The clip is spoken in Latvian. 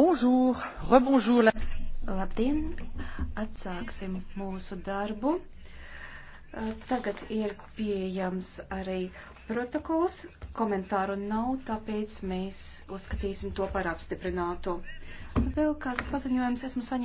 Bonjour, rebonjour. Labdien, atsāksim mūsu darbu. Tagad ir pieejams arī protokols, komentāru nav, tāpēc mēs uzskatīsim to par apstiprinātu. Vēl kāds paziņojums esmu saņēmis.